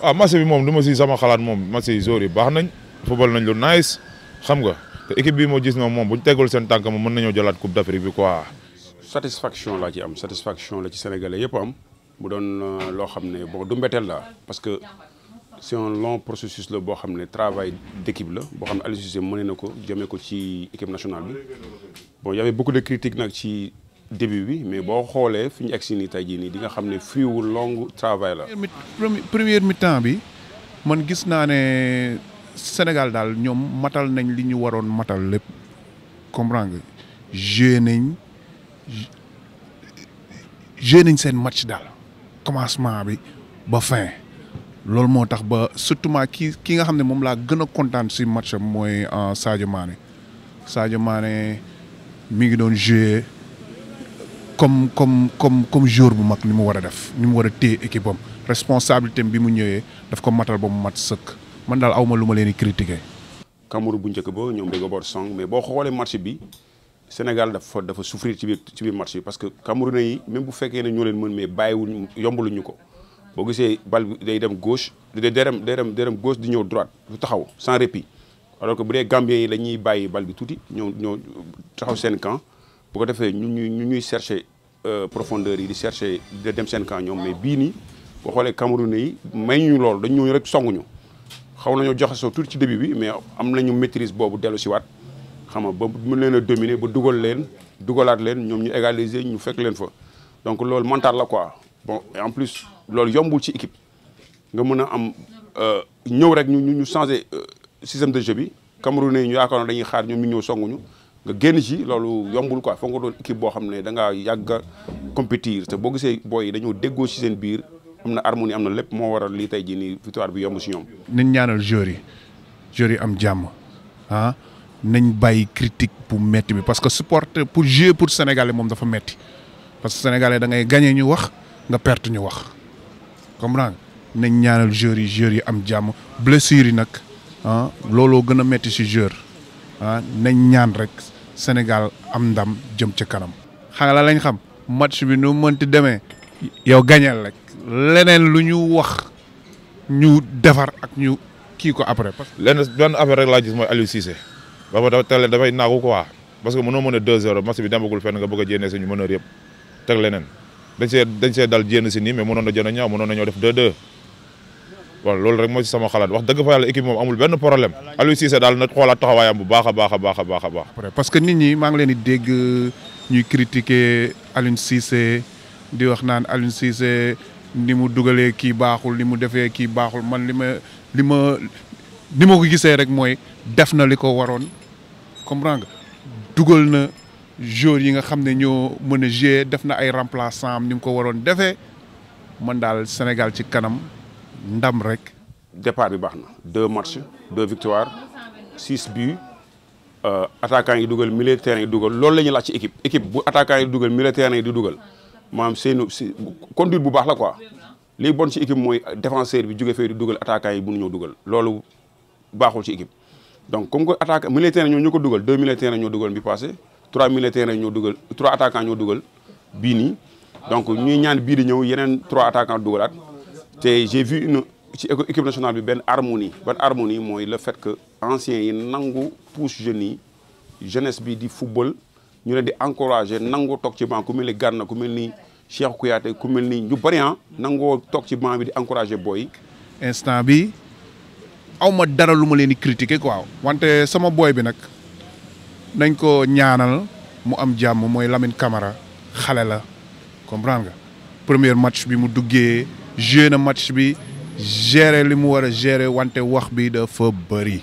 waaw ah, match bi moom lu ma si sama xalaat moom match yi joueurs yi baax nañ football nañ lu nice xam nga te équipe bi moo gis na moom bu ñu teggul seen tànk moom mën nañoo jëlaat coupe d'Afrique bi quoi. satisfaction laa ci am satisfaction la ci sénégalais yëpp am mu doon euh, loo xam ne bon du mbetteel la parce que c'est un long processus la boo xam ne travail d'équipe la boo xam ne Aliou Cissé mënee na ko jëmee ko ci équipe nationale bi bon y beaucoup de critiques nag début bi mais boo xoolee fi ñu egsi nii tey jii nii di nga xam ne fiiwu long travail la. première mi-temps bi man gis naa ne Sénégal daal ñoom matal nañ li ñu waroon matal lépp comprendre nga nañ joué nañ seen match daal commencement bi ba fin loolu moo tax ba surtout ma ki ki nga xam ne moom laa gën a kontaan si match am mooy euh, Sadio Mané Sadio Mané mi ngi doon joué. comme comme comme comme joueur bu mag ni mu war a def ni mu war a téye équipe am responsabilité bi mu ñëwee daf ko matal ba mu mat sëkk man daal awma lu ma leen di critiquer. Cameroun bu njëkk ba ñoom dañoo boor song mais boo xoolee match bi Sénégal dafa dafa souffrir ci biir ci biir match bi parce que Camerounais yi même bu fekkee ne ñoo leen mën mais bàyyiwuñ yombaluñu ko boo gisee bal bi day dem gauche day dem day dem day dem gauche di ñëw droite du taxaw sans répit alors que bu dee Gambien yi dañuy bàyyi bal bi tuuti ñoo ñoo taxaw seen camp. bu ko defee ñu ñuy ñu ñuy chercher euh, profondeur yi di chercher di dem seen camp ñoom mais bii nii boo xoolee Cameroun yi may ñu loolu dañ ñu rek songuñu xaw nañoo joxe soo tuuti ci début bi mais am nañu maitrise boobu dellu si waat xam nga ba mën leen a dominer ba dugal leen dugalaat leen ñoom ñu égaliser ñu fekk leen fa donc loolu mental la quoi bon en plus loolu yombul ci équipe nga mun a am euh, ñëw rek ñu ñu changer euh, système de jeu bi Cameroun yi ñu yaakaaroon dañuy xaar ñoom ñu ñëw songuñu nga génn ci loolu yombul quoi foog nga doon équipe boo xam ne da ngaa yàgg a compétir te boo gisee booy yi dañoo déggoo ci seen biir am na harmonie am na lépp moo waral lii tey jii nii victoire bi yomb si ñoom. nañ ñaanal joueurs yi joueurs am jàmm ah nañ bàyyi critique bu metti bi parce que supporter pour jouer pour sénégalais moom dafa metti parce que sénégalais da ngay gagné ñu wax nga perte ñu wax comprendre nañ ñaanal joueurs yi joueurs yi am jàmm blessure yi nag ah looloo gën a metti ci joueur. Ah, nañ ñaan rek Sénégal am ndam jëm ci kanam. xam la lañ xam match bi nu mënti demee yow gañeel rek leneen lu ñu wax ñu defar ak ñu kii ko après. parce que lenn benn affaire rek laa gis mooy Aliou a 2-0 match nga bëgg a jéene suñu mëneur yëpp teg leneen dañ see dal jéen si nii mais mënoon na jën a ñaaw mënoon ñoo def 2-2. voilà loolu rek moo ci sama xalaat wax dëgg fa yàlla équipe moom amul benn problème Aliou Cissé daal na xoolaat taxawaayam bu baax a baax a baax a baax a baax. parce que nit ñi maa ngi leen di dégg ñuy critiquer Aliou Cissé di wax naan Aliou Cissé ni mu dugalee kii baaxul ni mu defee kii baaxul man li ma li ma ni ma ko gisee rek mooy def na li ko waroon comprendre nga dugal na joueurs yi nga xam ne ñoo mën a jouer def na ay remplaçants am ni mu ko waroon defee man daal Sénégal ci kanam. ndam rek. départ bi baax na deux matchs deux victoires six buts euh, attaquants yi dugal milieu de terrain yi dugal loolu la ñuy laaj ci équipe équipe bu attaquants yi dugal milieu de yi di dugal maanaam seenu si bu baax la quoi liy bon ci équipe mooy défenseur bi jóge fee dugal attaquants yi mënuñoo dugal loolu baaxul ci équipe. donc comme que attaque milieu de terrain ñu ko dugal deux milieu de ñoo dugal bi passé trois milieu de terrain ñoo dugal trois attaquants ñoo bii nii donc ñuy ñaan bii di ñëw yeneen trois attaquants dugalaat. te j'ai vu une ci équipe nationale bi benn harmonie ban harmonie mooy la fait que anciens yi nangu pousse jeunes yi jeunesse bi di football ñu ne di encouragé nangoo toog ci banc ku mel ni Gana ku mel ni Cheikh Kouyaté ku mel ni ñu bëri ah, nangoo toog ci banc bi di encouragé booy instant bi aw ma dara lu ma leen di critiquer quoi wante sama booy bi nag nañ ko ñaanal mu am jàmm mooy lamin Camara xale la comprendre nga première match bi mu duggee. joué na match bi gérer li mu war a gérer wante wax bi dafa bëri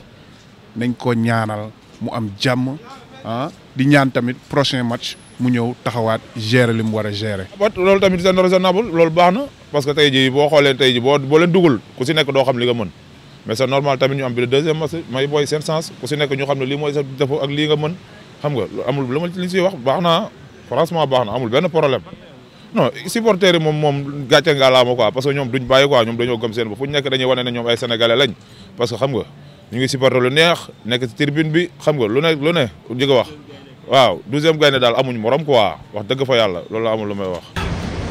nañ ko ñaanal mu am jàmm ah di ñaan tamit prochain match mu ñëw taxawaat gérer li mu war a gérer. bat loolu tamit seen raisonnable loolu baax na parce que tey jii boo xoolee tey jii boo boo leen dugal ku si nekk doo xam li nga mën mais c'est normal tamit ñu am bi le deuxième match may booy seen sens ku si nekk ñu xam ne lii mooy sa défaut ak lii nga mën xam nga amul lu ma li si wax baax naa franchement baax na amul benn problème. non supporters yi moom moom gàcce nga laama quoi parce que ñoom duñ bàyyi quoi ñoom dañoo gëm seen bopp fu ñu nekk dañuy wane ne ñoom ay sénégalais ngi supporter lu neex nekk ci tribune bi xam nga lu ne lu wax waaw douzième gaynde daal amuñ morom quoi wax dëgg fa yàlla loolu la amul lu may wax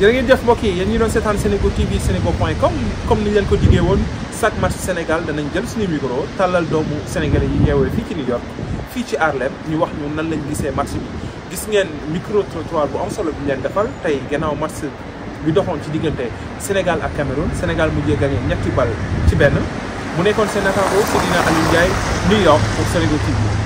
jërë ngeen jëf mbokk yi yéen ñu doon seetaan Senego TV Senego point com comme ni leen ko jigee woon chaque match Sénégal danañ jël suñu micro tàllal doomu sénégalais yi yeewee fii ci New York fii ci Harlem ñu wax ñu nan lañ gisee match bi gis ngeen micro trottoir bu am solo bi ñu leen defal tey gannaaw mats bi doxoon ci diggante Sénégal ak Cameroun Sénégal mujjee gagné ñetti bal ci benn mu nekkoon seen natango Seydina Aliou Ndiaye New York pour Sénégal TV